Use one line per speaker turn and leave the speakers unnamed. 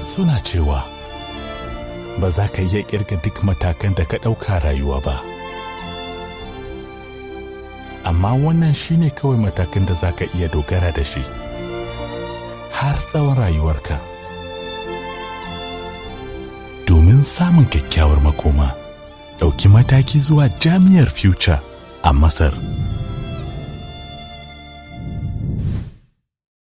suna cewa ba za ka iya kirga duk matakan da ka ɗauka rayuwa ba amma wannan shine kawai matakan da za ka iya dogara da shi har tsawon rayuwarka domin samun kyakkyawar makoma ɗauki mataki zuwa jami'ar future a masar